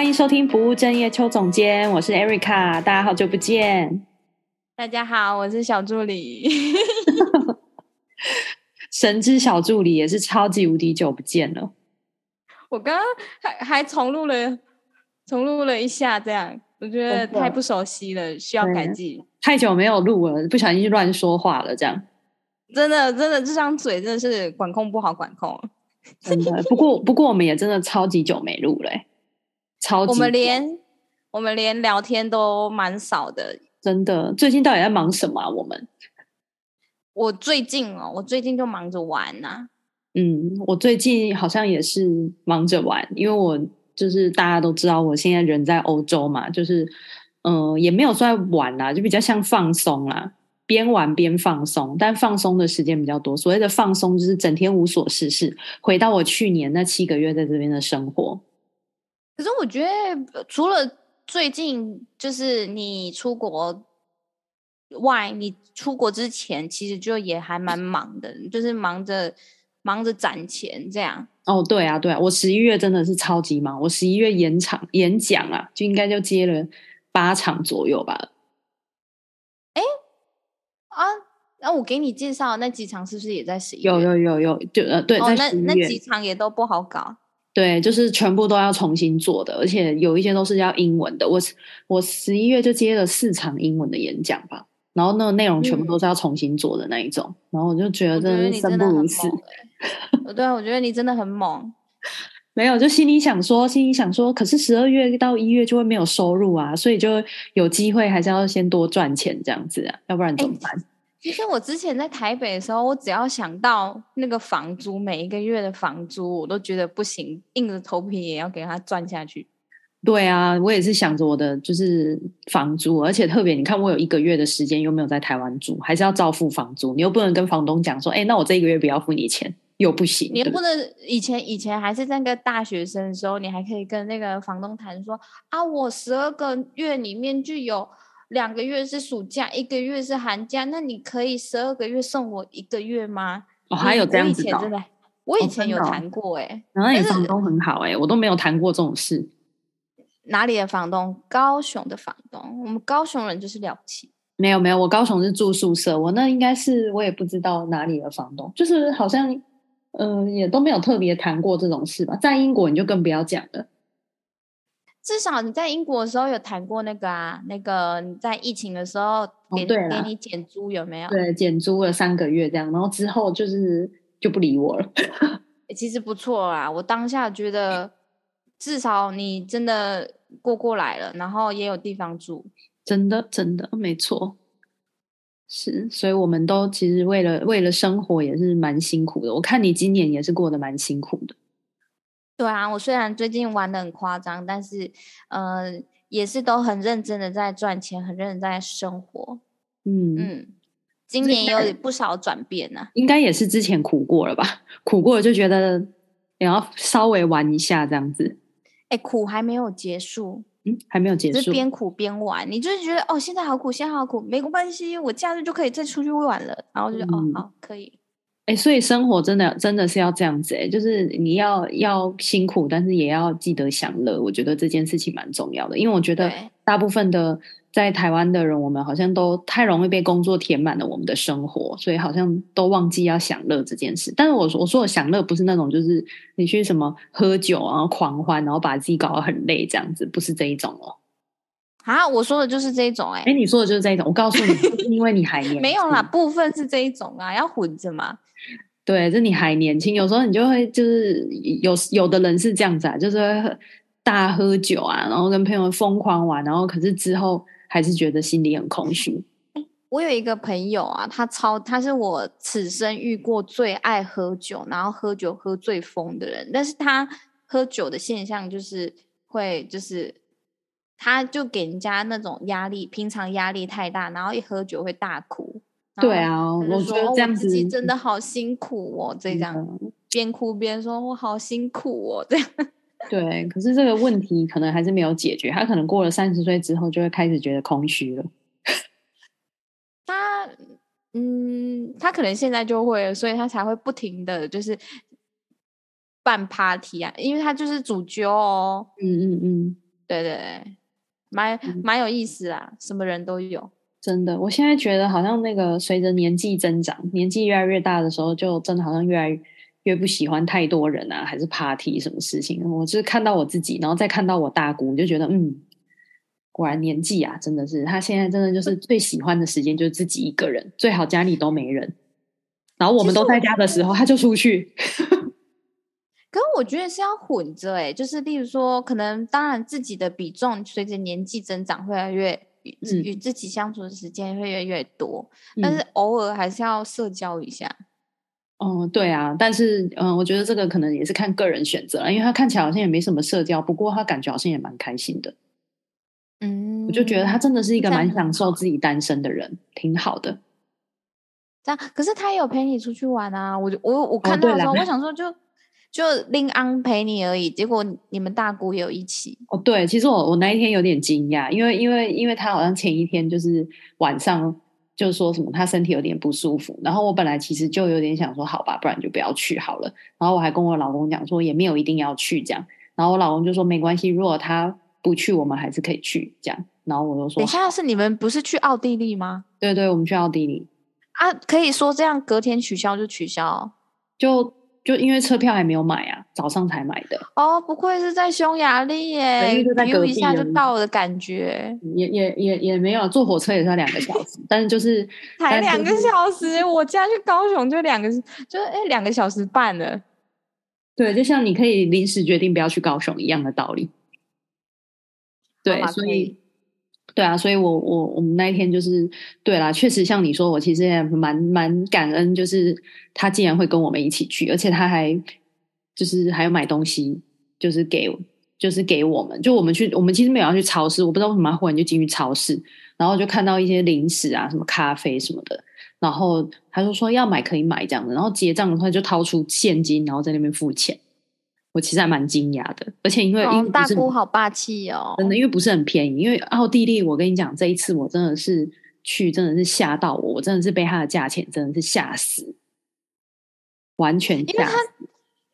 歡迎收聽《不務正業》，邱總監，我是 Erica，大家好久不見。大家好，我是小助理， 神之小助理也是超級無敵久不見了。我剛剛還還重錄了重錄了一下，這樣我覺得太不熟悉了， 需要改進。太久沒有錄了，不小心亂說話了，這樣真的真的這張嘴真的是管控不好，管控 真的。不過不過我們也真的超級久沒錄了欸。超級我們連我們連聊天都蠻少的，真的。最近到底在忙什麼啊？我們？我最近哦，我最近就忙着玩吶、啊。嗯，我最近好像也是忙着玩，因為我就是大家都知道我現在人在歐洲嘛，就是嗯、呃，也沒有說在玩啦、啊，就比較像放鬆啦、啊，邊玩邊放鬆，但放鬆的時間比較多。所謂的放鬆，就是整天無所事事，回到我去年那七個月在這邊的生活。可是我覺得，除了最近就是你出國外，你出國之前其實就也還蠻忙的，就是忙着忙着攢錢這樣。哦，對啊，對啊，我十一月真的是超級忙，我十一月演場演講啊，就應該就接了八場左右吧。哎、欸，啊，那我給你介紹那幾場是不是也在十一？有有有有，就呃對、哦那，那幾場也都不好搞。對，就是全部都要重新做的，而且有一些都是要英文的。我我十一月就接了四場英文的演講吧，然後那個內容全部都是要重新做的那一種，嗯、然後我就覺得生不如死。我欸、 對啊，我覺得你真的很猛。沒有，就心裡想說，心裡想說，可是十二月到一月就會沒有收入啊，所以就有機會還是要先多賺錢這樣子啊，要不然怎麼辦？欸其實我之前在台北的時候，我只要想到那個房租，每一個月的房租，我都覺得不行，硬着頭皮也要給它賺下去。對啊，我也是想着我的就是房租，而且特別你看，我有一個月的時間又沒有在台灣住，還是要照付房租，你又不能跟房東講說，哎、欸，那我這一個月不要付你錢，又不行。你又不能以前以前還是在那個大學生的時候，你還可以跟那個房東談說，啊，我十二個月裡面就有。兩個月是暑假，一個月是寒假，那你可以十二個月送我一個月嗎？哦，還有這樣子的。我以前真的、哦，我以前有談過哎、欸，那、哦、你房東很好哎、欸，我都沒有談過這種事。哪裡的房東？高雄的房東。我們高雄人就是了不起。沒有沒有，我高雄是住宿舍，我那應該是我也不知道哪裡的房東，就是好像嗯、呃、也都沒有特別談過這種事吧。在英國你就更不要講了。至少你在英國的時候有談過那個啊，那個你在疫情的時候給你、哦、給你減租有沒有？對，減租了三個月這樣，然後之後就是就不理我了。 欸、其實不錯啦，我當下覺得至少你真的過過來了，然後也有地方住，真的真的沒錯。是，所以我們都其實為了為了生活也是蠻辛苦的。我看你今年也是過得蠻辛苦的。對啊，我雖然最近玩的很誇張，但是，呃，也是都很認真的在賺錢，很認真的在生活。嗯嗯，今年也有不少轉變呢、啊。應該也是之前苦過了吧？苦過就覺得也要稍微玩一下這樣子。哎、欸，苦還沒有結束。嗯，還沒有結束。就是邊苦邊玩，你就是覺得哦，現在好苦，現在好苦，沒關係，我假日就可以再出去玩了。然後就、嗯、哦，好，可以。哎、欸，所以生活真的真的是要這樣子哎、欸，就是你要要辛苦，但是也要記得享樂。我覺得這件事情蠻重要的，因為我覺得大部分的在台灣的人，我們好像都太容易被工作填滿了我們的生活，所以好像都忘記要享樂這件事。但是我說我說我享樂不是那種就是你去什麼喝酒啊、狂歡，然後把自己搞得很累這樣子，不是這一種哦、喔。啊，我說的就是這一種哎、欸，哎、欸，你說的就是這一種。我告訴你，不是因為你還沒有啦，部分是這一種啊，要混着嘛。對，就你還年輕，有時候你就會就是有有的人是這樣子啊，就是會大喝酒啊，然後跟朋友瘋狂玩，然後可是之後還是覺得心裡很空虛。我有一個朋友啊，他超他是我此生遇過最愛喝酒，然後喝酒喝最瘋的人，但是他喝酒的現象就是會就是，他就給人家那種壓力，平常壓力太大，然後一喝酒會大哭。對啊，說我、哦，我覺得這樣子真的好辛苦哦。這樣邊、嗯、哭邊說，我好辛苦哦。這樣對，可是這個問題可能還是沒有解決。他可能過了三十歲之後，就會開始覺得空虛了。他，嗯，他可能現在就會，所以他才會不停的，就是辦 party 啊，因為他就是主角哦。嗯嗯嗯，對對對，蠻蠻有意思啊、嗯，什麼人都有。真的，我現在覺得好像那個隨着年紀增長，年紀越來越大的時候，就真的好像越來越不喜歡太多人啊，還是 party 什麼事情？我就是看到我自己，然後再看到我大姑，就覺得嗯，果然年紀啊，真的是。他現在真的就是最喜歡的時間就是自己一個人，最好家裡都沒人。然後我們都在家的時候，他就出去。可是我覺得是要混着哎、欸，就是例如說，可能當然自己的比重隨着年紀增長會越來越。與自己相處的時間會越來越多、嗯，但是偶爾還是要社交一下。嗯、哦，對啊，但是嗯，我覺得這個可能也是看個人選擇，因為他看起來好像也沒什麼社交，不過他感覺好像也蠻開心的。嗯，我就覺得他真的是一個蠻享受自己單身的人，挺好的。這樣，可是他也有陪你出去玩啊！我就我我看到的時候，哦、我想說就。就另安陪你而已，結果你們大姑也有一起哦。對，其實我我那一天有點驚訝，因為因為因為他好像前一天就是晚上就說什麼他身體有點不舒服，然後我本來其實就有點想說好吧，不然就不要去好了。然後我還跟我老公講說也沒有一定要去這樣，然後我老公就說沒關係，如果他不去，我們還是可以去這樣。然後我就說，等一下是你們不是去奧地利嗎？對對，我們去奧地利啊，可以說這樣隔天取消就取消就。就因為車票還沒有買啊，早上才買的。哦，不愧是在匈牙利耶，有一下就到的感覺。也也也也沒有、啊、坐火車，也是，要兩，個 是、就是、兩個小時，但是就是才兩個小時， 我家去高雄就兩個，就是哎、欸、兩個小時半了。對，就像你可以臨時決定不要去高雄一樣的道理。對，所以。對啊，所以我我我們那一天就是對啦，啊，確實像你說，我其實也蠻蠻感恩，就是他竟然會跟我們一起去，而且他還就是還要買東西，就是給就是給我們，就我們去我們其實沒有要去超市，我不知道為什麼忽然就進去超市，然後就看到一些零食啊，什麼咖啡什麼的，然後他就說要買可以買這樣子，然後結賬的話就掏出現金，然後在那邊付錢。我其實還蠻驚訝的，而且因為、哦、因為大姑好霸氣哦，真的，因為不是很便宜。因為奧地利，我跟你講，這一次我真的是去，真的是嚇到我，我真的是被它的價錢真的是嚇死，完全嚇死。因為他，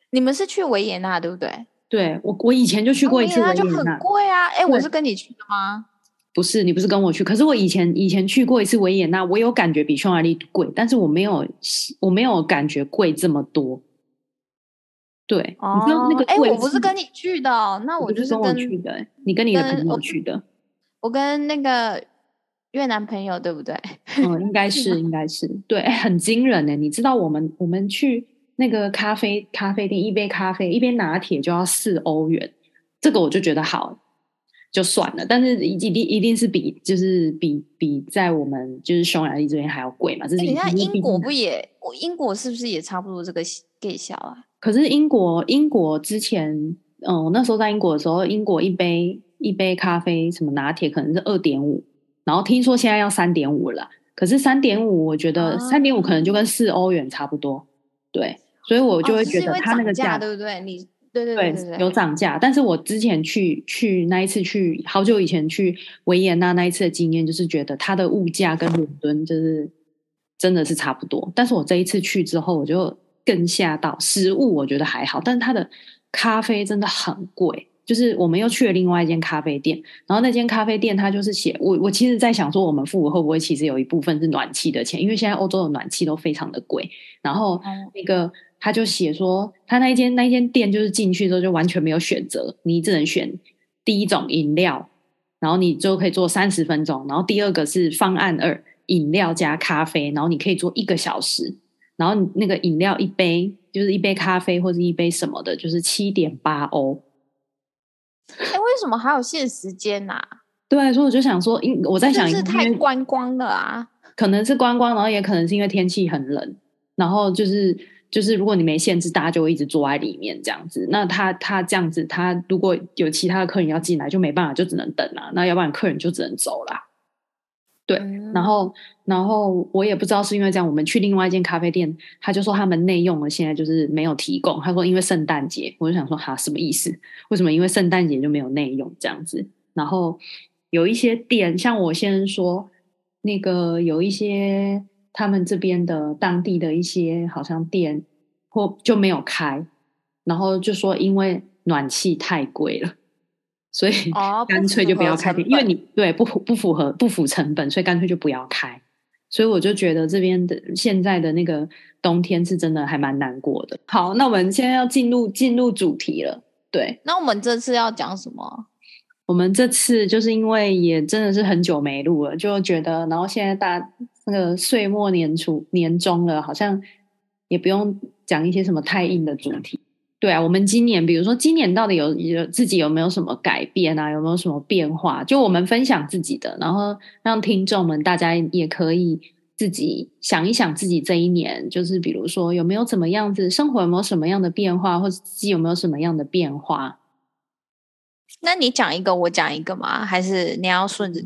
你們是去維也納，對不對？對，我我以前就去過一次維也納，啊、維也納就很貴啊。哎、欸，我是跟你去的嗎？不是，你不是跟我去。可是我以前以前去過一次維也納，我有感覺比匈牙利貴，但是我沒有我沒有感覺貴這麼多。對、哦，你知道那個哎、欸，我不是跟你去的、哦，那我就是跟你去的。你跟你的朋友去的我，我跟那個越南朋友，對不對？嗯、哦，應該是，應該是。 對，很驚人呢、欸。你知道我們我們去那個咖啡咖啡店，一杯咖啡，一杯拿鐵就要四歐元，這個我就覺得好就算了。但是一定一定是比就是比比在我們就是匈牙利這邊還要貴嘛這、欸？你看英國不也？我英國是不是也差不多這個價啊？可是英國，英國之前，嗯，我那時候在英國的時候，英國一杯一杯咖啡什麼拿鐵可能是二點五，然後聽說現在要三點五了。可是三點五，我覺得三點五可能就跟四歐元差不多，對，所以我就會覺得它那個價、哦就是、對不對？你對對對對，對，對，對有漲價，但是我之前去去那一次去好久以前去維也納那一次的經驗，就是覺得它的物價跟倫敦就是真的是差不多。但是我這一次去之後，我就。更嚇到食物，我覺得還好，但它的咖啡真的很貴。就是我們又去了另外一間咖啡店，然後那間咖啡店它就是寫我我其實在想說，我們付會不會其實有一部分是暖氣的錢，因為現在歐洲的暖氣都非常的貴。然後那個他就寫說，他那一間那一間店就是進去之後就完全沒有選擇，你只能選第一種飲料，然後你就可以做三十分鐘，然後第二個是方案二，飲料加咖啡，然後你可以做一個小時。然後那個飲料一杯，就是一杯咖啡或是一杯什麼的，就是七點八歐。哎、欸，為什麼還有限時間吶、啊？對，所以我就想說，因我在想因為，這是太觀光了啊，可能是觀光，然後也可能是因為天氣很冷，然後就是就是，如果你沒限制，大家就會一直坐在裡面這樣子。那他他這樣子，他如果有其他的客人要進來，就沒辦法，就只能等了、啊，那要不然客人就只能走了。對，然後，然後我也不知道是因為這樣，我們去另外一間咖啡店，他就說他們內用了，現在就是沒有提供，他說因為聖誕節，我就想說哈，什麼意思？為什麼因為聖誕節就沒有內用這樣子？然後有一些店，像我先說那個有一些他們這邊的當地的一些好像店或就沒有開，然後就說因為暖氣太貴了。所以乾脆就不要開，啊、因為你對不不符合不符成本，所以乾脆就不要開。所以我就覺得這邊的現在的那個冬天是真的還蠻難過的。好，那我們現在要進入進入主題了。對，那我們這次要講什麼？我們這次就是因為也真的是很久沒錄了，就覺得然後現在大那個歲末年初年終了，好像也不用講一些什麼太硬的主題。嗯對啊，我們今年，比如說今年到底有有自己有沒有什麼改變啊？有沒有什麼變化？就我們分享自己的，嗯，然後讓聽眾們大家也可以自己想一想自己這一年，就是比如說有沒有怎麼樣子，生活有沒有什麼樣的變化，或者自己有沒有什麼樣的變化？那你講一個，我講一個嗎？還是你要順着，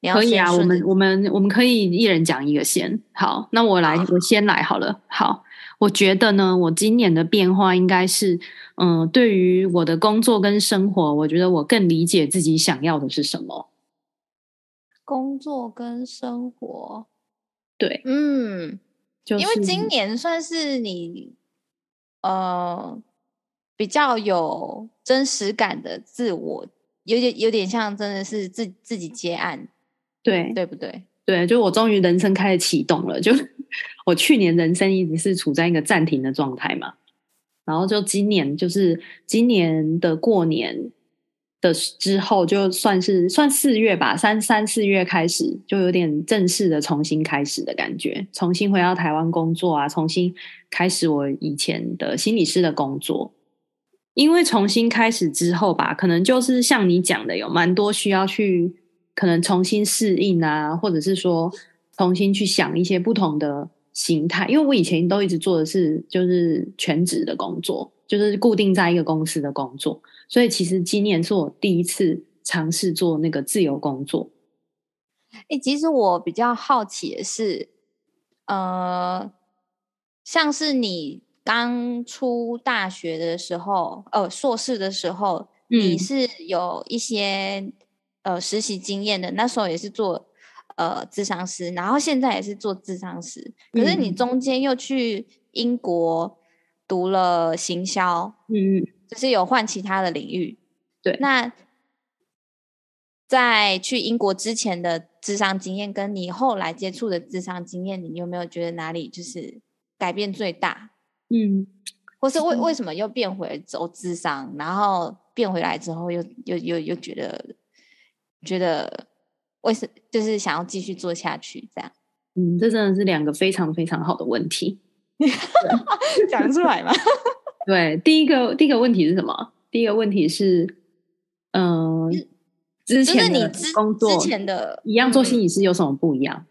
你要順着？可以啊，我們我們我們可以一人講一個先。好，那我來，我先來好了。好。我覺得呢，我今年的變化應該是，嗯、呃，對於我的工作跟生活，我覺得我更理解自己想要的是什麼。工作跟生活，對，嗯，就是、因為今年算是你，呃，比較有真實感的自我，有點有點像真的是自自己接案，對，對不對？對，就我終於人生開始啟動了。就我去年人生一直是處在一個暫停的狀態嘛，然後就今年，就是今年的過年的之後，就算是算四月吧，三三四月開始，就有點正式的重新開始的感覺，重新回到台灣工作啊，重新開始我以前的心理師的工作。因為重新開始之後吧，可能就是像你講的，有蠻多需要去。可能重新適應啊，或者是說重新去想一些不同的形態，因為我以前都一直做的是就是全職的工作，就是固定在一個公司的工作，所以其實今年是我第一次嘗試做那個自由工作。哎、欸，其實我比較好奇的是，呃，像是你剛出大學的時候，呃，碩士的時候，嗯、你是有一些。呃，實習經驗的那時候也是做呃諮商師，然後現在也是做諮商師。嗯，可是你中間又去英國讀了行銷，嗯，就是有換其他的領域，對。那在去英國之前的諮商經驗，跟你後來接觸的諮商經驗，你有沒有覺得哪裡就是改變最大？嗯，或是為、嗯、為什麼又變回走諮商，然後變回來之後又又又又覺得？我覺得為什麼就是想要繼續做下去這樣？嗯，這真的是兩個非常非常好的問題， 是啊、 講得出來嗎？ 對，第一個第一個問題是什麼？第一個問題是，呃、嗯，之前的工作的你之前的一樣做心理師有什麼不一樣，嗯？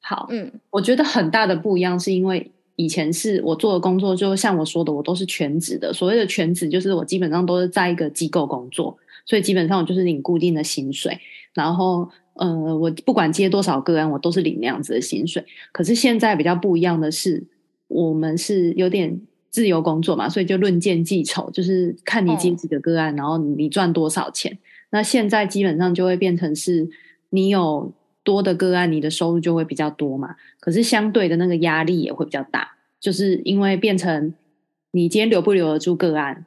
好，嗯，我覺得很大的不一樣是因為以前是我做的工作，就像我說的，我都是全職的。所謂的全職，就是我基本上都是在一個機構工作，所以基本上我就是領固定的薪水。然後，呃，我不管接多少個案，我都是領那樣子的薪水。可是現在比較不一樣的是，我們是有點自由工作嘛，所以就論件計酬，就是看你接幾個個案，嗯，然後你賺多少錢。那現在基本上就會變成是你有多的個案，你的收入就會比較多嘛。可是相對的那個壓力也會比較大，就是因為變成你今天留不留得住個案。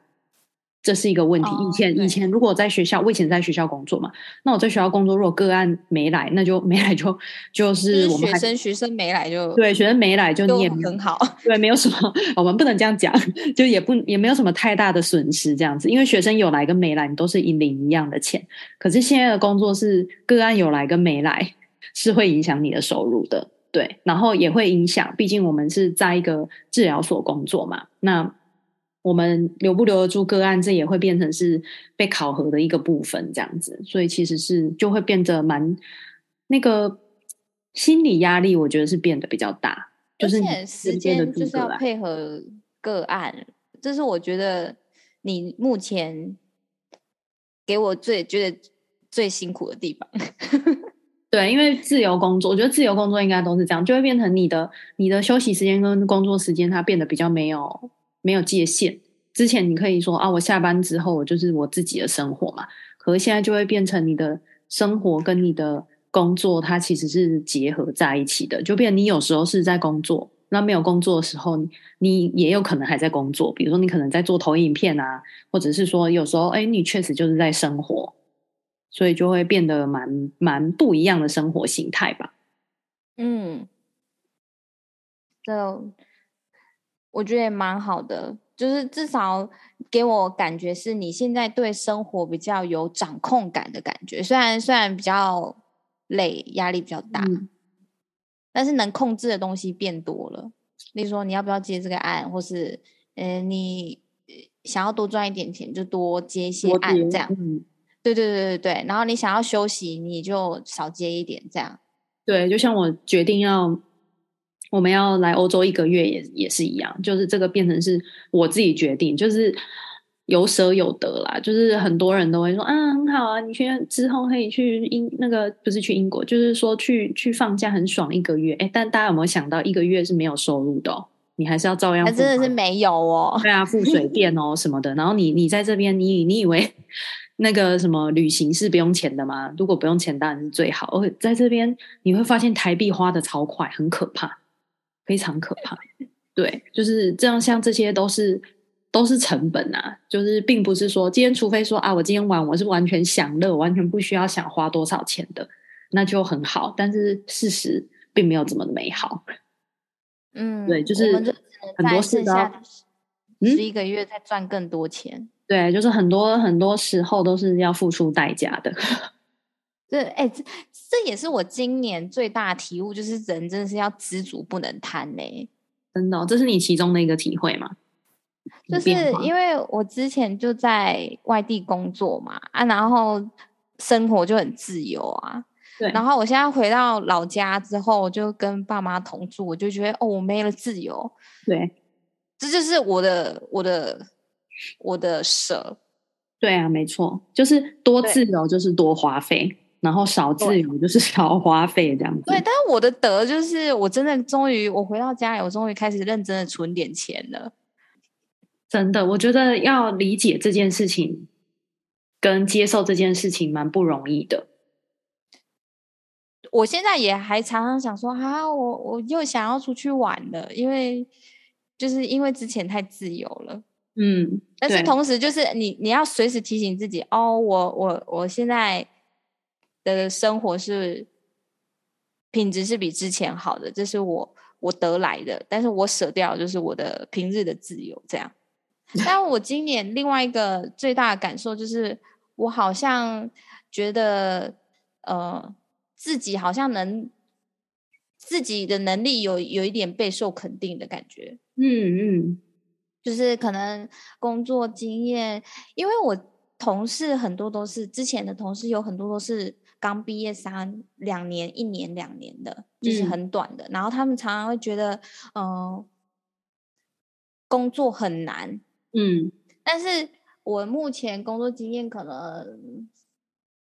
這是一個問題。以、哦、前以前，以前如果我在學校，我以前在學校工作嘛，那我在學校工作，如果個案沒來，那就沒來就、就是、就是學生學生沒來就對，學生沒來就你也就很好，對，沒有什麼，我們不能這樣講，就也不也沒有什麼太大的損失這樣子，因為學生有來跟沒來，你都是一領一樣的錢。可是現在的工作是個案有來跟沒來是會影響你的收入的，對，然後也會影響，畢竟我們是在一個治療所工作嘛，那。我們留不留得住個案，這也會變成是被考核的一個部分，這樣子，所以其實是就會變得蠻那個心理壓力，我覺得是變得比較大。就是時間就是要配合個案，這是我覺得你目前給我最覺得最辛苦的地方。 對，因為自由工作，我覺得自由工作應該都是這樣，就會變成你的你的休息時間跟工作時間，它變得比較沒有。沒有界限。之前你可以說啊，我下班之後我就是我自己的生活嘛。可是現在就會變成你的生活跟你的工作，它其實是結合在一起的。就變，你有時候是在工作，那沒有工作的時候你，你也有可能還在工作。比如說，你可能在做投影片啊，或者是說有時候，哎，你確實就是在生活，所以就會變得蠻蠻不一樣的生活形態吧。嗯。So. 我覺得也蠻好的，就是至少給我感覺是你現在對生活比較有掌控感的感覺。雖然雖然比較累，壓力比較大，嗯，但是能控制的東西變多了。例如說，你要不要接這個案，或是嗯、呃，你想要多賺一點錢，就多接一些案，這樣，嗯。對對對對對。然後你想要休息，你就少接一點，這樣。對，就像我決定要。我們要來歐洲一個月也也是一樣，就是這個變成是我自己決定，就是有舍有得啦。就是很多人都會說，嗯、啊，很好啊，你去之後可以去英那個不是去英國，就是說去去放假很爽一個月。哎，但大家有沒有想到，一個月是沒有收入的、哦，你還是要照樣真的、啊、是沒有哦。對啊，付水電哦 什麼的。然後你你在這邊，你你以為那個什麼旅行是不用錢的嗎？如果不用錢當然是最好。而、哦、且在這邊你會發現台幣花得超快，很可怕。非常可怕，對，就是這樣。像這些都是都是成本啊，就是並不是說今天，除非說啊，我今天玩，我是完全享樂，完全不需要想花多少錢的，那就很好。但是事實並沒有這麼的美好。嗯，對，就是很多事情。十一個月再賺更多錢。嗯，對，就是很多很多時候都是要付出代價的。這哎、欸，這這也是我今年最大的體悟，就是人真的是要知足，不能貪呢、欸，真的、哦，這是你其中的一個體會嗎？就是因為我之前就在外地工作嘛，啊，然後生活就很自由啊。對。然後我現在回到老家之後，就跟爸媽同住，我就覺得哦，我沒了自由。對。這就是我的我的我的舍。對啊，沒錯，就是多自由就是多花費。然後少自由就是少花費這樣子。對，但是我的德就是，我真的終於我回到家裡，我終於開始認真的存點錢了。真的，我覺得要理解這件事情，跟接受這件事情蠻不容易的。我現在也還常常想說啊，我我又想要出去玩了，因為就是因為之前太自由了。嗯，但是同時就是你你要隨時提醒自己哦，我我我現在，的生活是品質是比之前好的，這是我我得來的，但是我捨掉就是我的平日的自由這樣。但我今年另外一個最大的感受就是，我好像覺得呃自己好像能自己的能力有有一點備受肯定的感覺。嗯嗯，就是可能工作經驗，因為我同事很多都是之前的同事，有很多都是。剛畢業三兩年，一年兩年的，就是很短的，嗯。然後他們常常會覺得，嗯，呃，工作很難。嗯，但是我目前工作經驗可能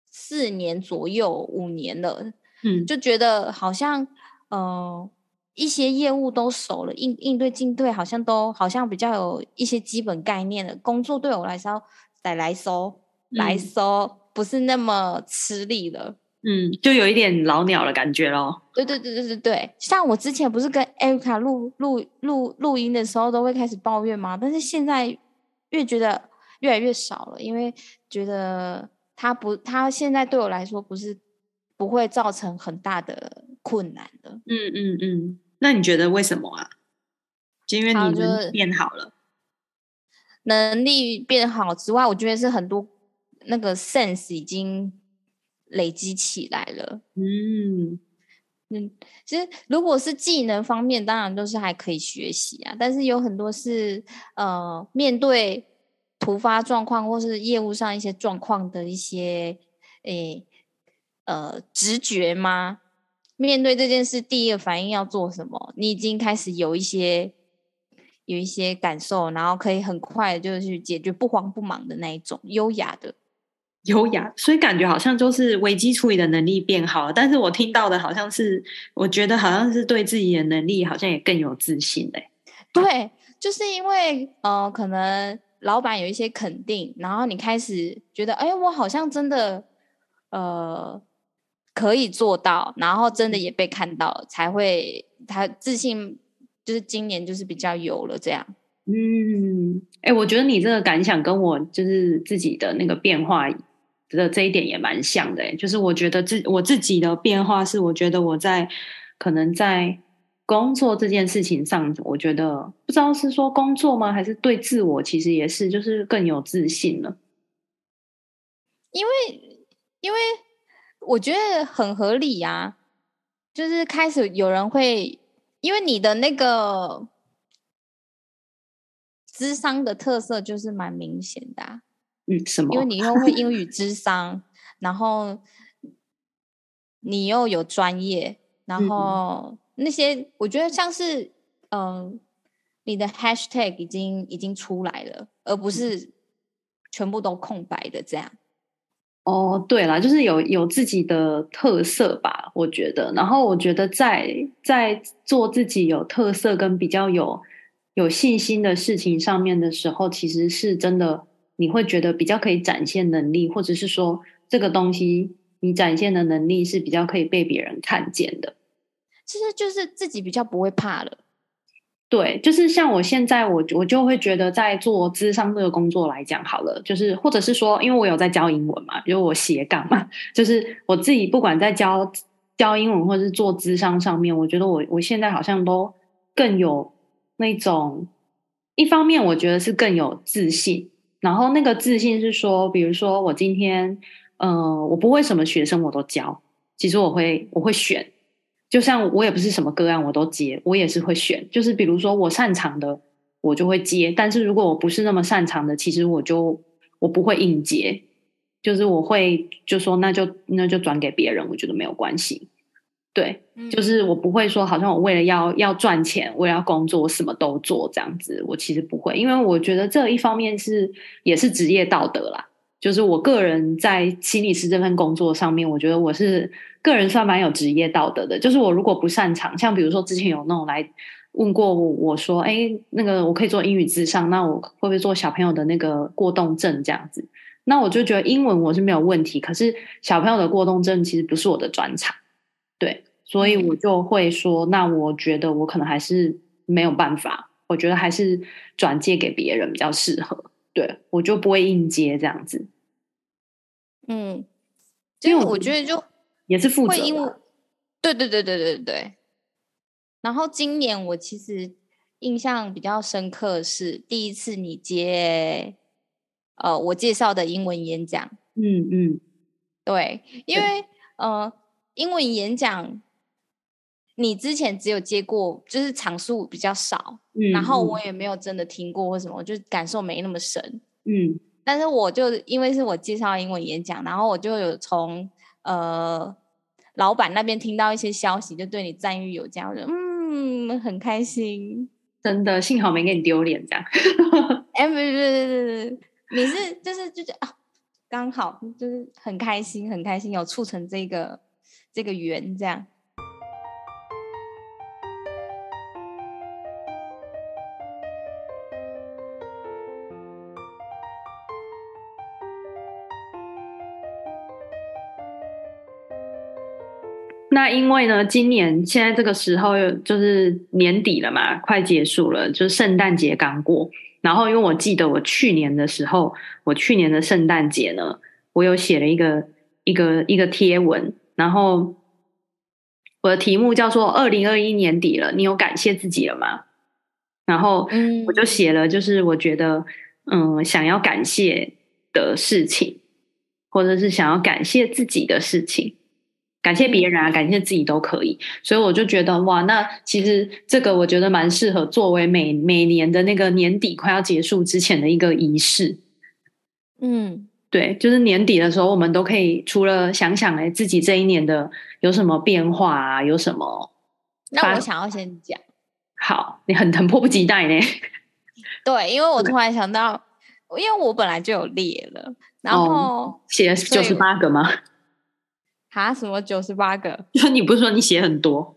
四年左右，五年了。嗯，就覺得好像，呃，一些業務都熟了，應應對進退好像都好像比較有一些基本概念的，工作對我來說，再來收，嗯，來收。不是那麼吃力了，嗯，就有一點老鳥的感覺咯。對對對對對對，像我之前不是跟艾瑞卡錄錄錄錄音的時候都會開始抱怨嗎？但是現在越覺得越來越少了，因為覺得他不，他現在對我來說不是不會造成很大的困難的。嗯嗯嗯，那你覺得為什麼啊？就因為你們變好了，好能力變好之外，我覺得是很多。那個 sense 已經累積起來了，嗯，嗯，其實如果是技能方面，當然都是還可以學習啊。但是有很多是呃，面對突發狀況或是業務上一些狀況的一些誒，呃，直覺嗎？面對這件事，第一個反應要做什麼？你已經開始有一些有一些感受，然後可以很快就去解決，不慌不忙的那一種優雅的。優雅，所以感覺好像就是危機處理的能力變好了。但是我聽到的好像是，我覺得好像是對自己的能力好像也更有自信嘞、欸。對、啊，就是因為呃，可能老板有一些肯定，然後你開始覺得，哎、欸，我好像真的呃可以做到，然後真的也被看到，才會他自信，就是今年就是比較有了這樣。嗯，哎、欸，我覺得你這個感想跟我就是自己的那個變化。覺得這一點也蠻像的欸，就是我覺得自我自己的變化是，我覺得我在可能在工作這件事情上，我覺得不知道是說工作嗎，還是對自我其實也是，就是更有自信了。因為，因為我覺得很合理啊，就是開始有人會因為你的那個谘商的特色就是蠻明顯的啊。嗯，什麼？因為你又會英語諮商， 然後你又有專業，然後那些我覺得像是，嗯，嗯，你的 hashtag 已經已經出來了，而不是全部都空白的這樣。哦、嗯，oh, 對了，就是有有自己的特色吧，我覺得。然後我覺得在在做自己有特色跟比較有有信心的事情上面的時候，其實是真的。你會覺得比較可以展現能力，或者是說這個東西你展現的能力是比較可以被別人看見的。其實就是自己比較不會怕了。對，就是像我現在，我我就會覺得在做諮商這個工作來講好了，就是或者是說，因為我有在教英文嘛，比如我斜槓嘛，就是我自己不管在教、教英文或是做諮商上面，我覺得我我現在好像都更有那種一方面，我覺得是更有自信。然後那個自信是說，比如說我今天，嗯、呃，我不會什麼學生我都教，其實我會我會選，就像我也不是什麼個案我都接，我也是會選，就是比如說我擅長的我就會接，但是如果我不是那麼擅長的，其實我就我不會硬接，就是我會就說那就那就轉給別人，我覺得沒有關係。對、嗯，就是我不會說，好像我為了要要賺錢，為了要工作，我什麼都做這樣子。我其實不會，因為我覺得這一方面是也是職業道德啦。就是我個人在心理師這份工作上面，我覺得我是個人算蠻有職業道德的。就是我如果不擅長，像比如說之前有那種來問過我說，哎、欸，那個我可以做英語智商，那我會不會做小朋友的那個過動症這樣子？那我就覺得英文我是沒有問題，可是小朋友的過動症其實不是我的專長。對，所以我就會說、嗯，那我覺得我可能還是沒有辦法，我覺得還是轉借給別人比較適合，對，我就不會硬接這樣子。嗯，因、這、為、個、我覺得就因為我也是負責，會對，對對對對對。然後今年我其實印象比較深刻是第一次你接，呃，我介紹的英文演講，嗯嗯，對，因為呃。英文演講，你之前只有接過，就是場數比較少，嗯，然後我也沒有真的聽過或什麼，我就感受沒那麼深，嗯。但是我就因為是我介紹英文演講，然後我就有從呃老闆那邊聽到一些消息，就對你讚譽有加，我就嗯很開心，真的，幸好沒給你丟臉，這樣。哎、 欸，不是不是不是不是，你是就是就是啊，剛好就是很開心很開心，有促成這個。這個圓這樣。那因為呢，今年現在這個時候就是年底了嘛，快結束了，就是聖誕節剛過。然後因為我記得我去年的時候，我去年的聖誕節呢，我有寫了一個一個一個貼文。然後我的題目叫做“二零二一年底了，你有感謝自己了嗎？”然後，嗯，我就寫了，就是我覺得嗯，嗯，想要感謝的事情，或者是想要感謝自己的事情，感謝別人啊，感謝自己都可以。所以我就覺得，哇，那其實這個我覺得蠻適合作為每每年的那個年底快要結束之前的一個儀式。嗯。對，就是年底的時候，我們都可以除了想想誒，自己這一年的有什麼變化啊，有什麼？那我想要先講。好，你很很迫不及待呢？對，因為我突然想到，因為我本來就有列了，然後、哦、寫九十八個嗎？哈，什麼九十八個？ 你不是說你寫很多？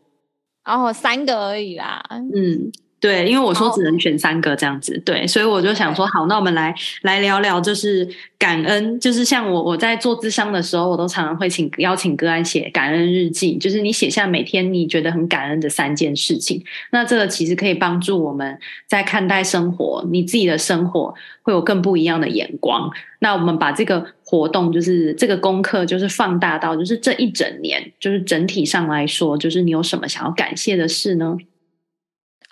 然後、哦、三個而已啦。嗯。對，因為我說只能選三個這樣子，oh. 對，所以我就想說，好，那我們來來聊聊，就是感恩，就是像我我在做諮商的時候，我都常常會請邀請個案寫感恩日記，就是你寫下每天你覺得很感恩的三件事情，那這個其實可以幫助我們在看待生活，你自己的生活會有更不一樣的眼光。那我們把這個活動，就是這個功課，就是放大到就是這一整年，就是整體上來說，就是你有什麼想要感謝的事呢？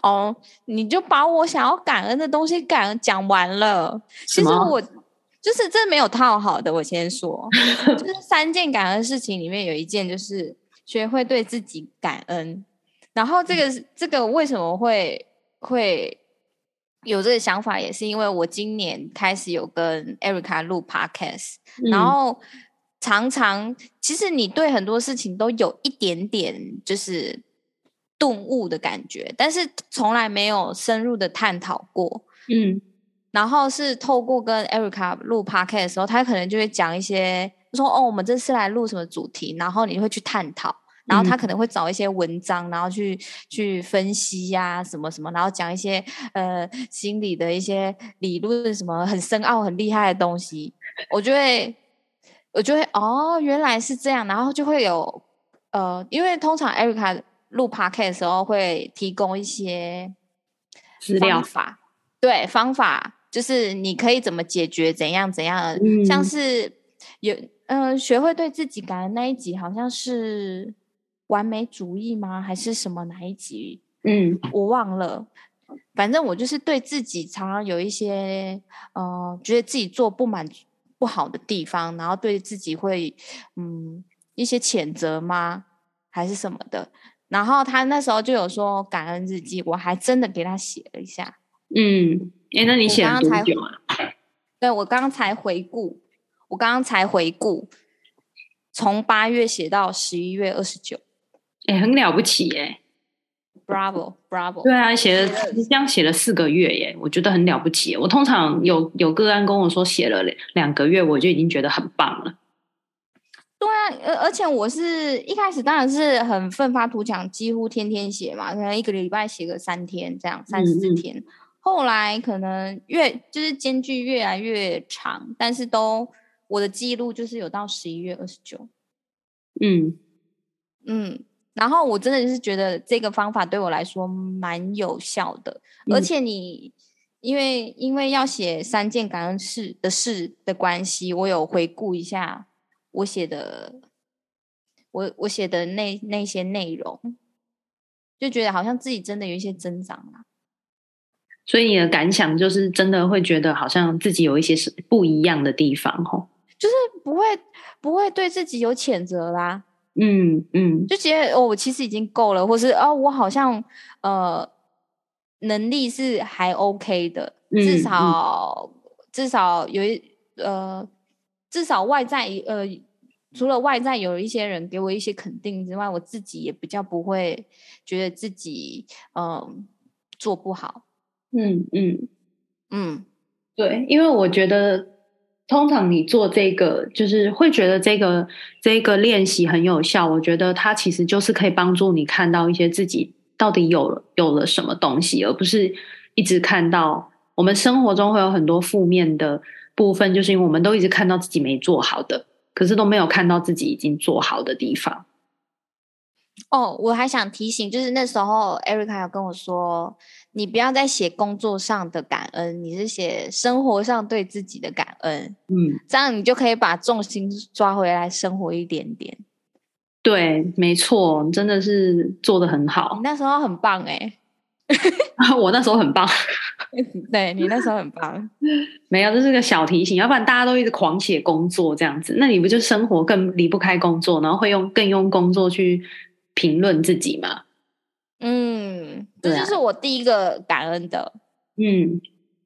哦、oh,，你就把我想要感恩的東西感恩講完了。其實我就是這沒有套好的。我先說， 就是三件感恩事情裡面有一件就是學會對自己感恩。然後這個、嗯、這個為什麼會會有這個想法，也是因為我今年開始有跟 Erica 錄 Podcast，、嗯、然後常常其實你對很多事情都有一點點就是。頓悟的感覺，但是從來沒有深入的探討過。嗯，然後是透過跟 Erica 錄 Podcast 的時候，他可能就會講一些，說哦，我們這次來錄什麼主題，然後你會去探討，然後他可能會找一些文章，然後去、嗯、去分析呀、啊，什麼什麼，然後講一些呃心理的一些理論，什麼很深奧、很厲害的東西。我就會，我就會，哦，原來是這樣，然後就會有呃，因為通常 Erica。錄 podcast 的時候會提供一些資料法，料，對，方法，就是你可以怎麼解決，怎樣怎樣，嗯、像是有嗯、呃，學會對自己感恩那一集好像是完美主義嗎？還是什麼哪一集？嗯，我忘了，反正我就是對自己常常有一些呃，覺得自己做不滿不好的地方，然後對自己會嗯一些譴責嗎，還是什麼的？然後他那時候就有說感恩日記，我還真的給他寫了一下。嗯，哎，那你寫了多久啊？對我剛才對我剛才回顧，我剛剛才回顧，從八月寫到十一月二十九。哎，很了不起哎！Bravo，Bravo！對啊，寫了這樣寫了四個月耶，我覺得很了不起。我通常有有個案跟我說寫了兩，兩個月，我就已經覺得很棒了。對啊，而而且我是一開始當然是很奮發圖強，幾乎天天寫嘛，可能一個禮拜寫個三天這樣，三四天，嗯嗯。後來可能越就是間距越來越長，但是都我的記錄就是有到十一月二十九。嗯嗯，然後我真的是覺得這個方法對我來說蠻有效的，嗯、而且你因為因為要寫三件感恩事的事的關係，我有回顧一下。我寫的，我我寫的那那些內容，就覺得好像自己真的有一些增長啦、啊。所以你的感想就是真的會覺得好像自己有一些是不一樣的地方、哦，就是不會不會對自己有譴責啦。嗯嗯，就覺得哦，我其實已經夠了，或是啊、呃，我好像呃，能力是還 OK 的，至少、嗯嗯、至少有一呃。至少外在呃，除了外在有一些人給我一些肯定之外，我自己也比較不會覺得自己呃做不好。嗯嗯嗯，對，因為我覺得通常你做這個就是會覺得這個這個練習很有效。我覺得它其實就是可以幫助你看到一些自己到底有了有了什麼東西，而不是一直看到我們生活中會有很多負面的。部分就是因為我們都一直看到自己沒做好的，可是都沒有看到自己已經做好的地方。哦，我還想提醒，就是那時候 Erica 有跟我說，你不要再寫工作上的感恩，你是寫生活上對自己的感恩。嗯，這樣你就可以把重心抓回來，生活一點點。對，沒錯，真的是做得很好，你那時候很棒哎、欸。 然後我那時候很棒 對，對你那時候很棒。 沒有，這是個小提醒，要不然大家都一直狂寫工作這樣子,那你不就生活更離不開工作，然後會用更用工作去評論自己嗎？嗯、啊，這就是我第一個感恩的。嗯，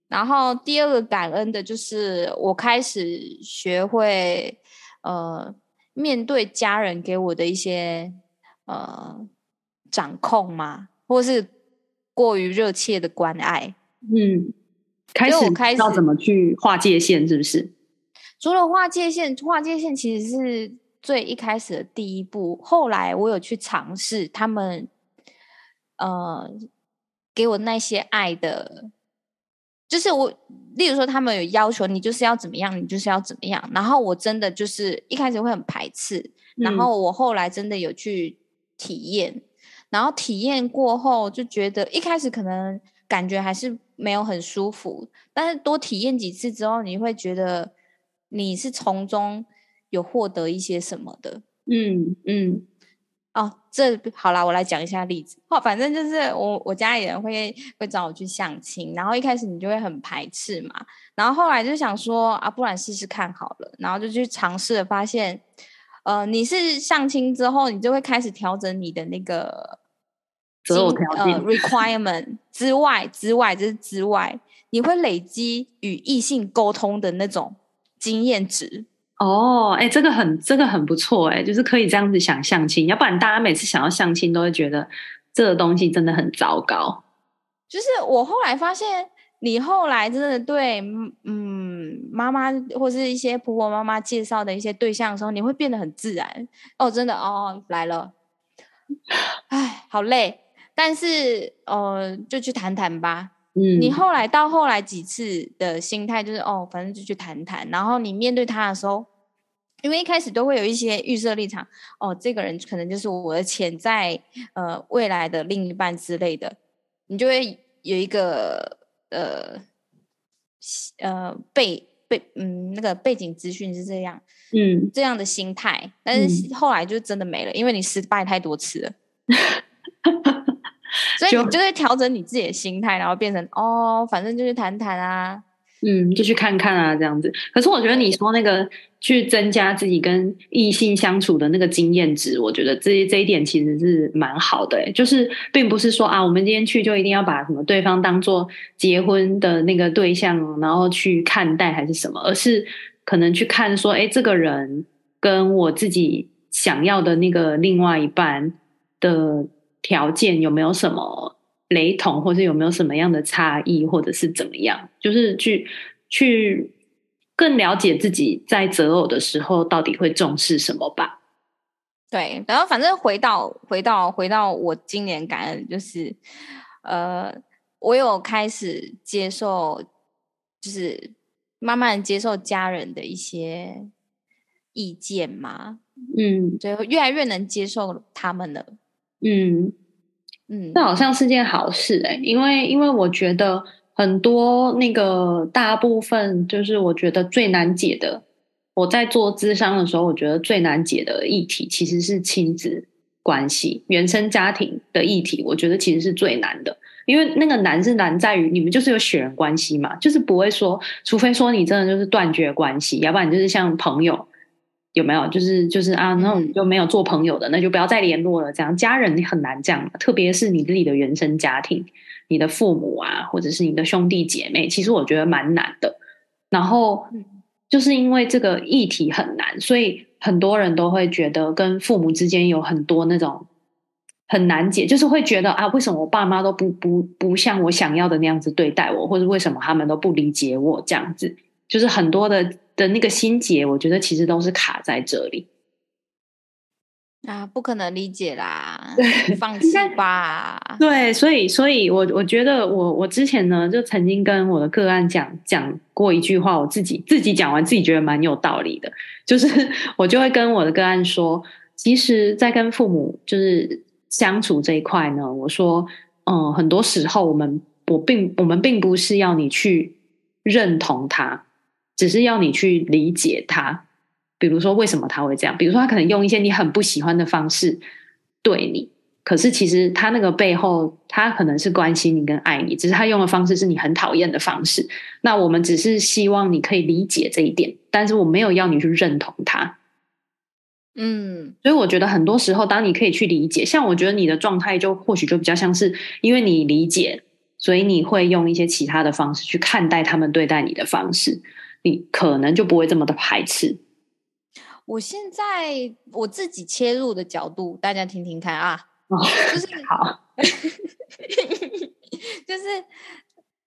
然後第二個感恩的就是我開始學會呃面對家人給我的一些呃掌控嘛，或是。過於熱切的關愛，嗯，開始開始要怎麼去劃界線？是不是？除了劃界線，劃界線其實是最一開始的第一步。後來我有去嘗試他們，呃，給我那些愛的，就是我，例如說他們有要求你，就是要怎麼樣，你就是要怎麼樣。然後我真的就是一開始會很排斥，嗯，然後我後來真的有去體驗。然後體驗過後就覺得，一開始可能感覺還是沒有很舒服，但是多體驗幾次之後，你會覺得你是從中有獲得一些什麼的。嗯嗯，哦、啊，這好啦，我來講一下例子。哦，反正就是我我家裡人會會找我去相親，然後一開始你就會很排斥嘛，然後後來就想說啊，不然試試看好了，然後就去嘗試了，發現呃，你是相親之後，你就會開始調整你的那個。擇偶條件呃，requirement 之外之外就是之，之外，你會累積與異性溝通的那種經驗值哦。哎，這個很這個很不錯哎，就是可以這樣子想相親，要不然大家每次想要相親都會覺得這個東西真的很糟糕。就是我後來發現，你後來真的對嗯媽媽或是一些婆婆媽媽介紹的一些對象的時候，你會變得很自然哦。真的哦，來了，哎，好累。但是，呃，就去談談吧。嗯，你後來到後來幾次的心態就是，哦，反正就去談談。然後你面對他的時候，因為一開始都會有一些預設立場，哦，這個人可能就是我的潛在呃未來的另一半之類的，你就會有一個呃呃背背嗯那個背景資訊是這樣，嗯，這樣的心態。但是後來就真的沒了，嗯，因為你失敗太多次了。 所以你就就是調整你自己的心態，然後變成哦，反正就是談談啊，嗯，就去看看啊，這樣子。可是我覺得你說那個去增加自己跟異性相處的那個經驗值，我覺得這這一點其實是蠻好的。就是並不是說啊，我們今天去就一定要把什麼對方當做結婚的那個對象，然後去看待還是什麼，而是可能去看說，哎，這個人跟我自己想要的那個另外一半的條件有沒有什麼雷同，或者是有沒有什麼樣的差異，或者是怎麼樣？就是去去更了解自己在擇偶的時候到底會重視什麼吧。對，然後反正回到回到回到我今年感恩就是，呃，我有開始接受，就是慢慢接受家人的一些意見嘛，嗯，就越來越能接受他們了。嗯嗯，這好像是件好事哎，欸，因為因為我覺得很多那個大部分就是我覺得最難解的，我在做諮商的時候，我覺得最難解的議題其實是親子關係、原生家庭的議題，我覺得其實是最難的，因為那個難是難在於你們就是有血緣關係嘛，就是不會說，除非說你真的就是斷絕關係，要不然就是像朋友。有沒有就是就是啊，那種就沒有做朋友的，那就不要再聯絡了，這樣家人你很難這樣，特別是你自己的原生家庭，你的父母啊，或者是你的兄弟姐妹，其實我覺得蠻難的。然後就是因為這個議題很難，所以很多人都會覺得跟父母之間有很多那種很難解，就是會覺得啊，為什麼我爸媽都不不不像我想要的那樣子對待我，或者為什麼他們都不理解我這樣子，就是很多的的那個心結，我覺得其實都是卡在這裡啊！不可能理解啦，放心吧。對，所以，所以我我覺得我，我我之前呢，就曾經跟我的個案講講過一句話，我自己自己講完，自己覺得蠻有道理的，就是我就會跟我的個案說，其實在跟父母就是相處這一塊呢，我說，嗯、呃，很多時候我們我並我們並不是要你去認同他。只是要你去理解他，比如說為什麼他會這樣，比如說他可能用一些你很不喜歡的方式對你，可是其實他那個背後，他可能是關心你跟愛你，只是他用的方式是你很討厭的方式。那我們只是希望你可以理解這一點，但是我沒有要你去認同他。嗯，所以我覺得很多時候，當你可以去理解，像我覺得你的狀態就或許就比較像是，因為你理解，所以你會用一些其他的方式去看待他們對待你的方式。你可能就不會這麼的排斥。我現在我自己切入的角度，大家聽聽看啊，哦、就是好， 就是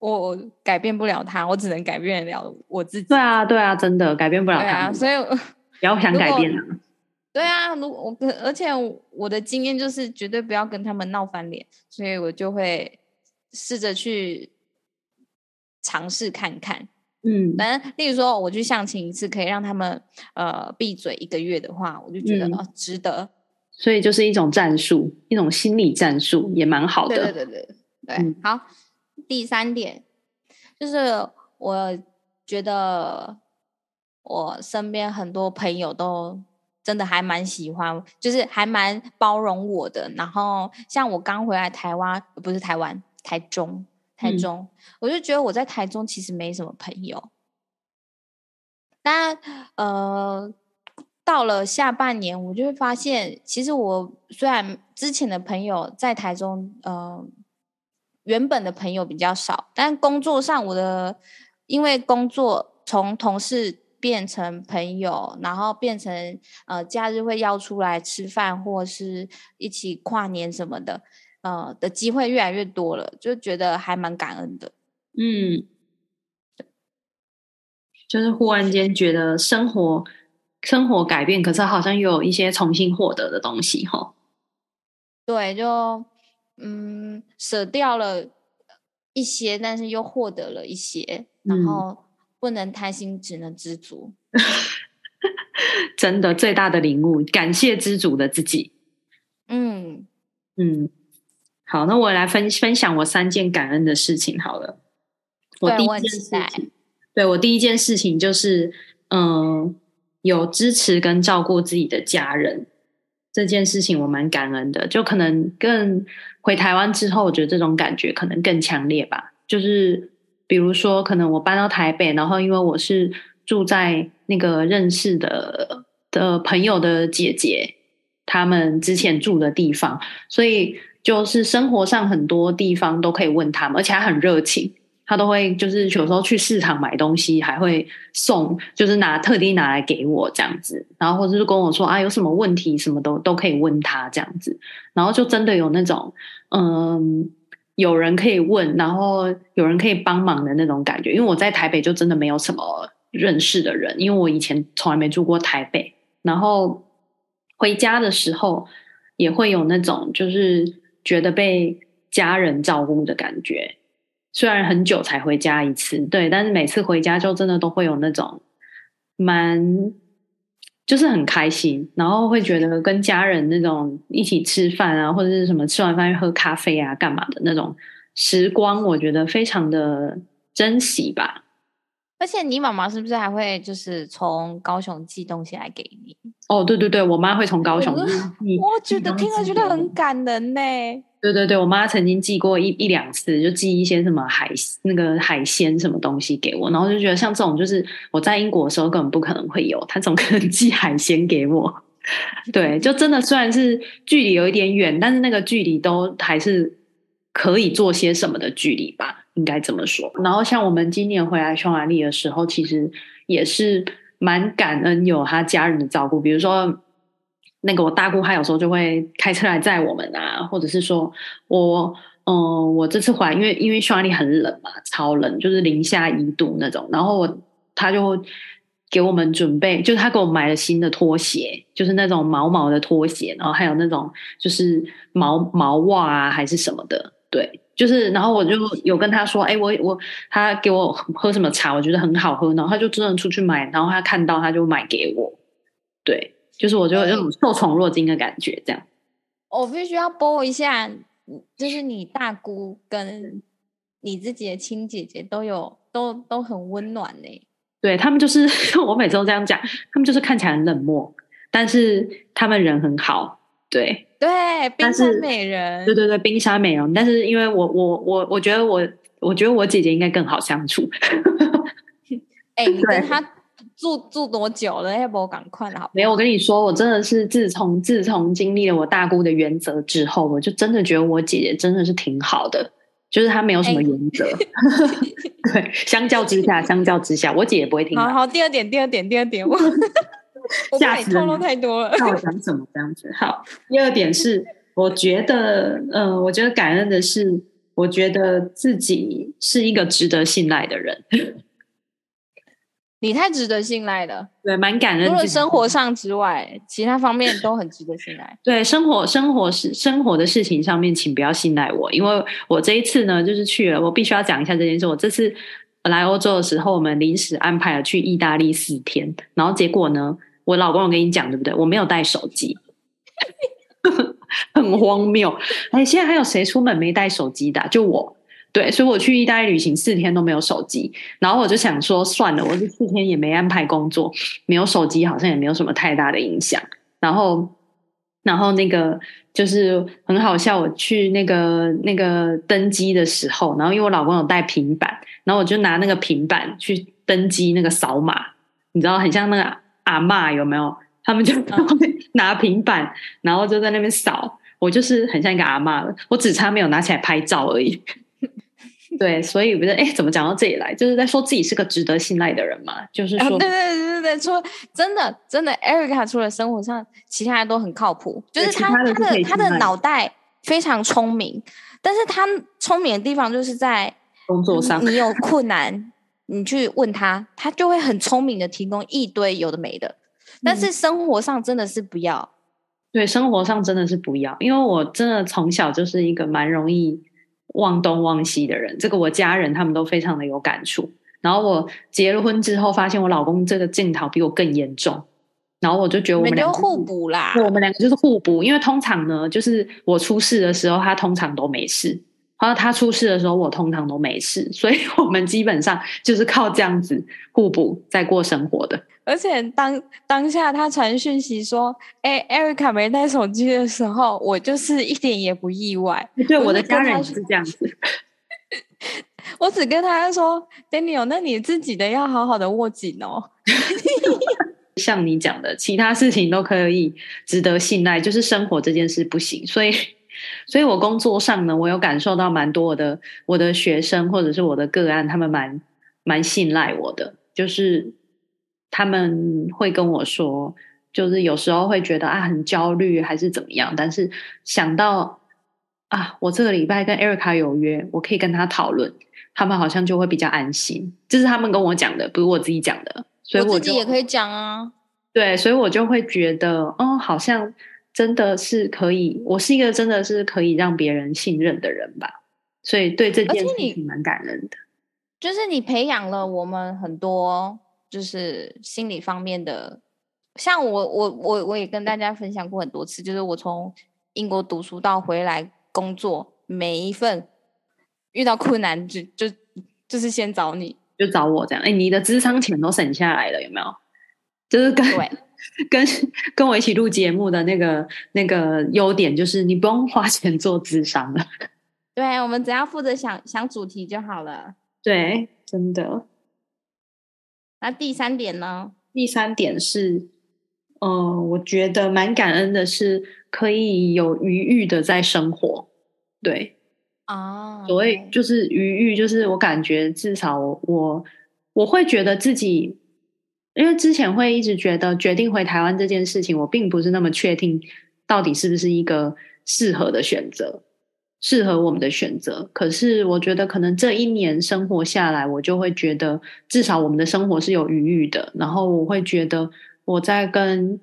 我改變不了他，我只能改變得了我自己。對啊，對啊，真的改變不了他，對啊、所以不要想改變他、啊。對啊，如果我，而且我的經驗就是絕對不要跟他們鬧翻臉，所以我就會試着去嘗試看看。嗯，反正例如說，我去相親一次，可以讓他們呃閉嘴一個月的話，我就覺得、嗯、哦值得。所以就是一種戰術，一種心理戰術也蠻好的。對對對對。對嗯、好，第三點就是我覺得我身邊很多朋友都真的還蠻喜歡，就是還蠻包容我的。然後像我剛回來台灣，不是台灣，台中。台中，嗯，我就覺得我在台中其實沒什麼朋友。但呃，到了下半年，我就會發現，其實我雖然之前的朋友在台中，呃，原本的朋友比較少，但工作上我的，因為工作從同事變成朋友，然後變成呃，假日會要出來吃飯或是一起跨年什麼的。呃，的機會越來越多了，就覺得還蠻感恩的。嗯，就是忽然間覺得生活，生活改變，可是好像又有一些重新獲得的東西哈。對，就嗯，捨掉了一些，但是又獲得了一些，然後不能貪心、嗯，只能知足。 真的，最大的領悟，感謝知足的自己。嗯嗯。好，那我來分分享我三件感恩的事情好了。我第一件事情，對，我，對我第一件事情就是，嗯，有支持跟照顧自己的家人這件事情，我蠻感恩的。就可能更，回台灣之後，我覺得這種感覺可能更強烈吧。就是比如說，可能我搬到台北，然後因為我是住在那個認識的的朋友的姐姐他們之前住的地方，所以。就是生活上很多地方都可以問他們，而且還很熱情，他都會就是有時候去市場買東西還會送，就是拿特地拿來給我這樣子，然後或者是跟我說啊，有什麼問題什麼都都可以問他這樣子，然後就真的有那種嗯，有人可以問，然後有人可以幫忙的那種感覺。因為我在台北就真的沒有什麼認識的人，因為我以前從來沒住過台北，然後回家的時候也會有那種就是。覺得被家人照顧的感覺，雖然很久才回家一次，對，但是每次回家就真的都會有那種蠻，就是很開心，然後會覺得跟家人那種一起吃飯啊，或者是什麼吃完飯喝咖啡啊，幹嘛的那種時光，我覺得非常的珍惜吧。而且你媽媽是不是還會就是從高雄寄東西來給你？哦，對對對，我媽會從高雄寄。寄、嗯、我覺得都聽了覺得很感人呢。對對對，我媽曾經寄過一一兩次，就寄一些什麼海那個海鮮什麼東西給我，然後就覺得像這種就是我在英國的時候根本不可能會有，她怎麼可能寄海鮮給我？ 對，就真的雖然是距離有一點遠，但是那個距離都還是可以做些什麼的距離吧。應該怎麼說？然後像我們今年回來匈牙利的時候，其實也是蠻感恩有他家人的照顧。比如說，那個我大姑她有時候就會開車來載我們啊，或者是說我嗯，我這次回來，因為因為匈牙利很冷嘛，超冷，就是零下一度那種。然後我他就給我們準備，就是他給我買了新的拖鞋，就是那種毛毛的拖鞋，然後還有那種就是毛毛襪啊，還是什麼的，對。就是，然後我就有跟他說，哎、欸，我我他給我喝什麼茶，我覺得很好喝，然後他就真的出去買，然後他看到他就買給我。對，就是我覺得那種受寵若驚的感覺，這樣。欸、我必須要播一下，就是你大姑跟你自己的親姐姐都有，都都很溫暖嘞、欸。對，他們就是我每次都這樣講，他們就是看起來很冷漠，但是他們人很好。對對，冰山美人。對對對，冰山美人。但是因為我我我，我覺得我我覺得我姐姐應該更好相處。哎、 欸，你跟她住住多久了？要不要趕快？好，沒有。我跟你說，我真的是自從自從經歷了我大姑的原則之後，我就真的覺得我姐姐真的是挺好的，就是她沒有什麼原則。欸、 對，相較之下，相較之下，我姐也不會挺好的。好，好，第二點，第二點，第二點。我 下次透露太多了，我想怎麼這樣子。好，第二點是，我覺得，嗯、呃，我覺得感恩的是，我覺得自己是一個值得信賴的人。你太值得信賴了，對，蠻感恩的。除了生活上之外，其他方面都很值得信賴。 對，生活，生活生活的事情上面，請不要信賴我，因為我這一次呢，就是去了，我必須要講一下這件事。我這次來歐洲的時候，我們臨時安排了去意大利四天，然後結果呢？我老公，有跟你講，對不對？我沒有帶手機， 很荒謬。哎，現在還有誰出門沒帶手機的啊？就我，對。所以，我去意大利旅行四天都沒有手機，然後我就想說，算了，我這四天也沒安排工作，沒有手機好像也沒有什麼太大的影響。然後，然後那個就是很好笑，我去那個那個登機的時候，然後因為我老公有帶平板，然後我就拿那個平板去登機那個掃碼，你知道，很像那個。阿媽有沒有？他們就在、嗯、拿平板，然後就在那邊掃。我就是很像一個阿嬤了，我只差沒有拿起來拍照而已。 對，所以我覺得哎，怎麼講到這裡來？就是在說自己是個值得信賴的人嘛、啊。就是說，對對對對對，說真的，真的，Erica 除了生活上，其他人都很靠譜。就是他他，他的他的腦袋非常聰明，但是他聰明的地方就是在工作上，你有困難。 你去問他，他就會很聰明的提供一堆有的沒的，嗯，但是生活上真的是不要。對，生活上真的是不要，因為我真的從小就是一個蠻容易忘東忘西的人，這個我家人他們都非常的有感觸。然後我結了婚之後，發現我老公這個鏡頭比我更嚴重，然後我就覺得我們兩個你們就互補啦，我們兩個就是互補，因為通常呢，就是我出事的時候，他通常都沒事。然後他出事的時候，我通常都沒事，所以我們基本上就是靠這樣子互補在過生活的。而且當當下他傳訊息說：“誒，艾瑞卡沒帶手機的時候，我就是一點也不意外。欸對”對，我的家人是這樣子， 我只跟他說 ：“Daniel，那你自己的要好好的握緊哦。 ” 像你講的，其他事情都可以值得信賴，就是生活這件事不行，所以。所以我工作上呢，我有感受到蠻多的我的學生或者是我的個案，他們蠻蠻信賴我的，就是他們會跟我說，就是有時候會覺得啊，很焦慮還是怎麼樣，但是想到啊，我這個禮拜跟艾瑞卡有約，我可以跟他討論，他們好像就會比較安心。這，就是他們跟我講的，不是我自己講的，所以我，我自己也可以講啊。對，所以我就會覺得哦，好像。真的是可以，我是一個真的是可以讓別人信任的人吧，所以對這件事情挺蠻感恩的。就是你培養了我們很多，就是心理方面的。像我，我，我，我也跟大家分享過很多次，就是我從英國讀書到回來工作，每一份遇到困難就就就是先找你，就找我這樣。哎，你的諮商錢都省下來了，有沒有？就是跟。跟跟我一起錄節目的那個那個優點就是，你不用花錢做諮商了。對，我們只要負責想想主題就好了。對，真的。那第三點呢？第三點是，嗯、呃，我覺得蠻感恩的是，可以有餘裕的在生活。對，啊，所謂就是餘裕，就是我感覺至少我我會覺得自己。因為之前會一直覺得決定回台灣這件事情，我並不是那麼確定到底是不是一個適合的選擇，適合我們的選擇。可是我覺得可能這一年生活下來，我就會覺得至少我們的生活是有餘裕的。然後我會覺得我在跟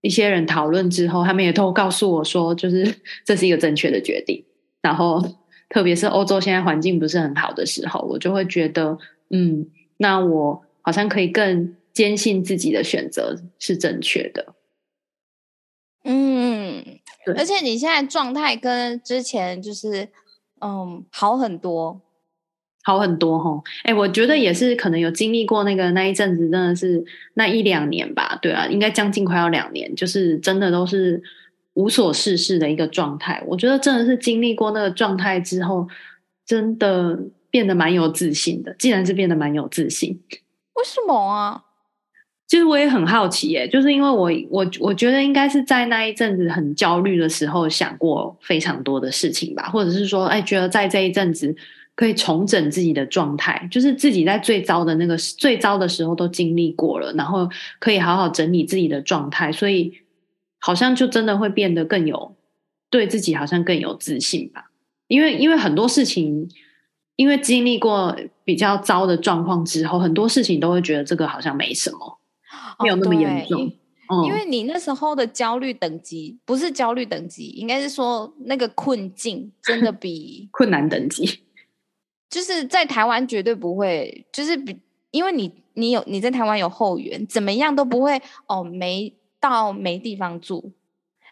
一些人討論之後，他們也都告訴我說，就是這是一個正確的決定。然後特別是歐洲現在環境不是很好的時候，我就會覺得，嗯，那我好像可以更。堅信自己的選擇是正確的。嗯，對，而且你現在狀態跟之前就是，嗯，好很多，好很多哈、哦。哎、欸，我覺得也是，可能有經歷過那個那一陣子，真的是那一兩年吧，對啊，應該將近快要兩年，就是真的都是無所事事的一個狀態。我覺得真的是經歷過那個狀態之後，真的變得蠻有自信的。既然是變得蠻有自信，為什麼啊？其實我也很好奇耶，就是因為我我我覺得應該是在那一陣子很焦慮的時候，想過非常多的事情吧，或者是說，哎，覺得在這一陣子可以重整自己的狀態，就是自己在最糟的那個最糟的時候都經歷過了，然後可以好好整理自己的狀態，所以好像就真的會變得更有對自己好像更有自信吧。因為因為很多事情，因為經歷過比較糟的狀況之後，很多事情都會覺得這個好像沒什麼。沒有那麼嚴重。哦，嗯，因為你那時候的焦慮等級不是焦慮等級，應該是說那個困境真的比 困難等級，就是在台灣絕對不會，就是比因為你你有你在台灣有後援，怎麼樣都不會哦，沒到沒地方住，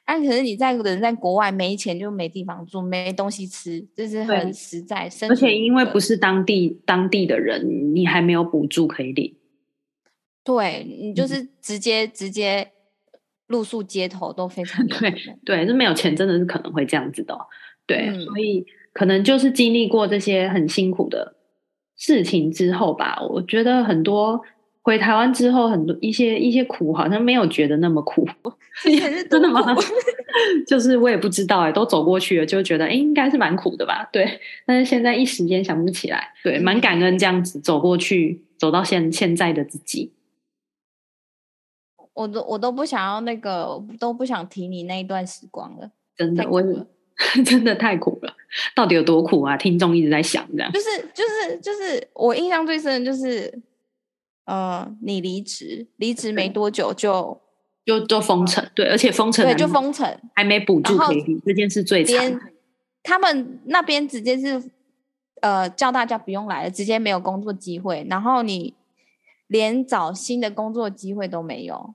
但、啊、可是你在人在國外沒錢就沒地方住，沒東西吃，就是很實在。而且因為不是當地當地的人，你還沒有補助可以領。對，你就是直接、嗯、直接露宿街頭都非常對對，那沒有錢真的是可能會這樣子的、哦，對、嗯，所以可能就是經歷過這些很辛苦的事情之後吧，我覺得很多回台灣之後，很多一些一些苦好像沒有覺得那麼苦，是苦 真的嗎？ 就是我也不知道哎、欸，都走過去了就覺得哎、欸、應該是蠻苦的吧，對，但是現在一時間想不起來，對，蠻感恩這樣子走過去走到現現在的自己。我都我都不想要那個，我都不想提你那一段時光了。真的，我也真的太苦了。到底有多苦啊？聽眾一直在想這樣。就是就是就是，我印象最深的就是，呃，你離職，離職沒多久就就就封城、嗯，對，而且封城對就封城，還沒補助給你，這筆這件事最慘。他們那邊直接是呃叫大家不用來了，直接沒有工作機會，然後你連找新的工作機會都沒有。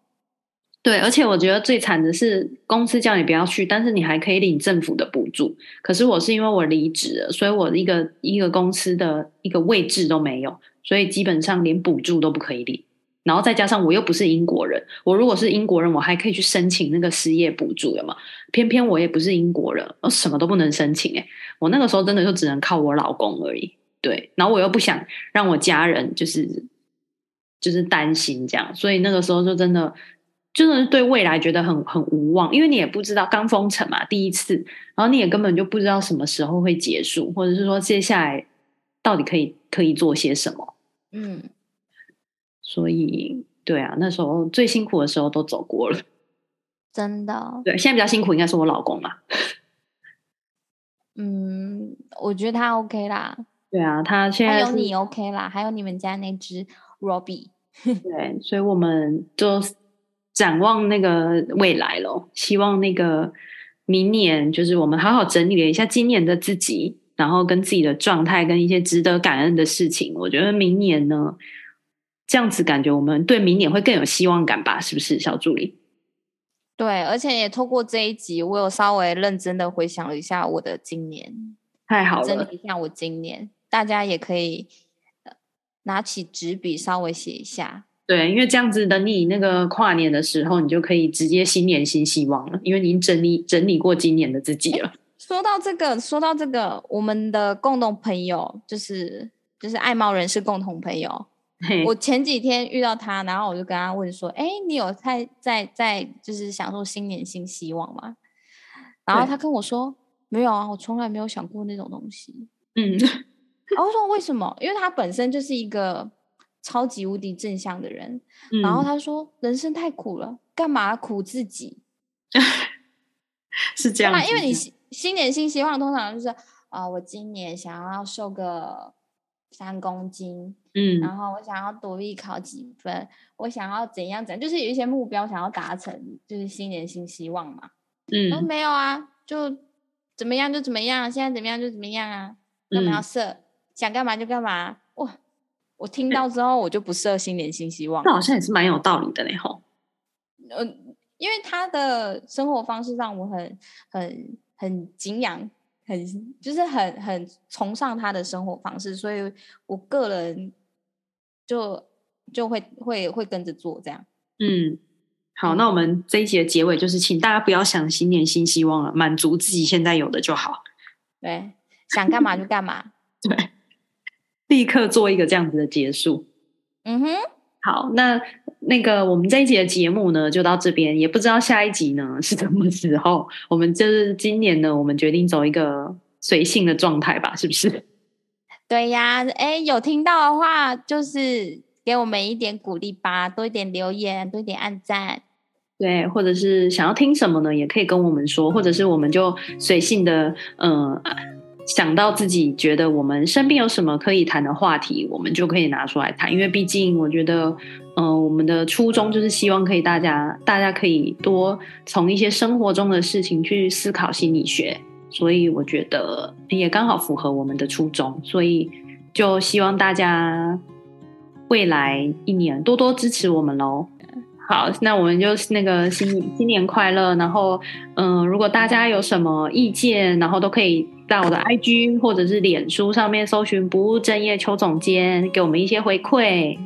對，而且我覺得最慘的是，公司叫你不要去，但是你還可以領政府的補助。可是我是因為我離職了，所以我一個一個公司的一個位置都沒有，所以基本上連補助都不可以領。然後再加上我又不是英國人，我如果是英國人，我還可以去申請那個失業補助的嘛。偏偏我也不是英國人，我什麼都不能申請、欸。誒，我那個時候真的就只能靠我老公而已。對，然後我又不想讓我家人就是就是擔心這樣，所以那個時候就真的。真的是對未來覺得很很無望，因為你也不知道剛封城嘛，第一次，然後你也根本就不知道什麼時候會結束，或者是說接下來到底可以可以做些什麼，嗯，所以對啊，那時候最辛苦的時候都走過了，真的。對，現在比較辛苦應該是我老公嘛。嗯，我覺得他 OK 啦，對啊，他現在還有你 OK 啦，還有你們家那只 Robbie， 對，所以我們就。展望那個未來咯，希望那個明年，就是我們好好整理了一下今年的自己，然後跟自己的狀態跟一些值得感恩的事情。我覺得明年呢，這樣子感覺我們對明年會更有希望感吧，是不是，小助理？對，而且也透過這一集，我有稍微認真的回想了一下我的今年，太好了，整理一下我今年，大家也可以拿起紙筆稍微寫一下。對，因為這樣子的，等你那個跨年的時候，你就可以直接新年新希望了，因為你整理整理過今年的自己了。說到這個，說到這個，我們的共同朋友就是就是愛貓人士共同朋友。我前幾天遇到他，然後我就跟他問說：“哎，你有在在在就是享受新年新希望嗎？”然後他跟我說：“沒有啊，我從來沒有想過那種東西。嗯”嗯、啊，我說：“為什麼？” 因為他本身就是一個。超級無敵正向的人，嗯，然後他說：“人生太苦了，幹嘛苦自己？ 是這樣，因為你新年新希望，通常就是啊、呃，我今年想要瘦個三公斤，嗯，然後我想要多益考幾分，我想要怎樣怎樣，就是有一些目標想要達成，就是新年新希望嘛，嗯，沒有啊，就怎麼樣就怎麼樣，現在怎麼樣就怎麼樣啊，幹嘛要設、嗯、想幹嘛就幹嘛。”我聽到之後，我就不設新年新希望。那好像也是蠻有道理的嘞吼。嗯、呃，因為他的生活方式讓我很、很、很敬仰，很就是很、很崇尚他的生活方式，所以我個人就就會會會跟着做這樣。嗯，好，那我們這一集的結尾就是，請大家不要想新年新希望了，滿足自己現在有的就好。對，想幹嘛就幹嘛。 對。立刻做一個這樣子的結束，嗯哼，好，那那個我們這一集的節目呢，就到這邊，也不知道下一集呢是什麼時候。我們就是今年呢，我們決定走一個隨性的狀態吧，是不是？對呀、啊，誒，有聽到的話，就是給我們一點鼓勵吧，多一點留言，多一點按讚，對，或者是想要聽什麼呢，也可以跟我們說，或者是我們就隨性的，嗯、呃。想到自己覺得我們身邊有什麼可以談的話題，我們就可以拿出來談。因為畢竟我覺得，嗯、呃，我們的初衷就是希望可以大家大家可以多從一些生活中的事情去思考心理學，所以我覺得也剛好符合我們的初衷。所以就希望大家未來一年多多支持我們嘍。好，那我們就那個新新年快樂。然後，嗯、呃，如果大家有什麼意見，然後都可以。在我的 IG 或者是臉書上面搜尋“不務正業邱總監”，給我們一些回饋，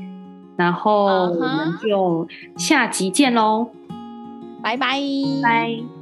然後我們就下集見嘍，拜拜拜。